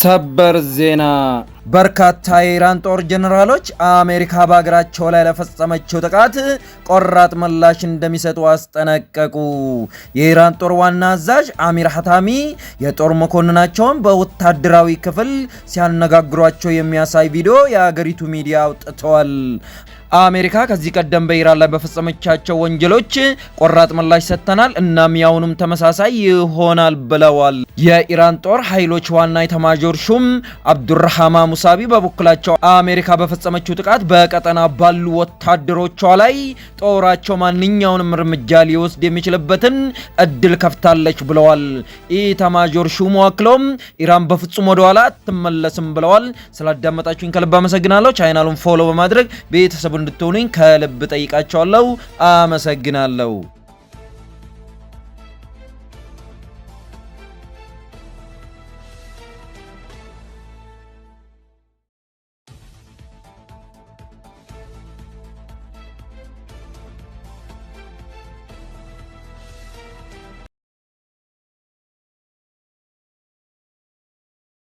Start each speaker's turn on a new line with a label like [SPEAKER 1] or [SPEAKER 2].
[SPEAKER 1] ሰበር ዜና በርካታ የኢራን ጦር ጀነራሎች አሜሪካ በሀገራቸው ላይ ለፈጸመችው ጥቃት ቆራጥ ምላሽ እንደሚሰጡ አስጠነቀቁ። የኢራን ጦር ዋና አዛዥ አሚር ሀታሚ የጦር መኮንናቸውን በወታደራዊ ክፍል ሲያነጋግሯቸው የሚያሳይ ቪዲዮ የአገሪቱ ሚዲያ አውጥተዋል። አሜሪካ ከዚህ ቀደም በኢራን ላይ በፈጸመቻቸው ወንጀሎች ቆራጥ ምላሽ ሰጥተናል፣ እናም ያውኑም ተመሳሳይ ይሆናል ብለዋል። የኢራን ጦር ኃይሎች ዋና የተማጆር ሹም አብዱራሃማ ሙሳቢ በበኩላቸው አሜሪካ በፈጸመችው ጥቃት በቀጠና ባሉ ወታደሮቿ ላይ ጦራቸው ማንኛውንም እርምጃ ሊወስድ የሚችልበትን እድል ከፍታለች ብለዋል። ኢታማዦር ሹሙ አክለውም ኢራን በፍጹም ወደኋላ አትመለስም ብለዋል። ስላዳመጣችሁኝ ከልብ አመሰግናለሁ። ቻይናሉን ፎሎ በማድረግ ቤተሰብ እንድትሆኑኝ ከልብ ጠይቃቸዋለሁ። አመሰግናለሁ።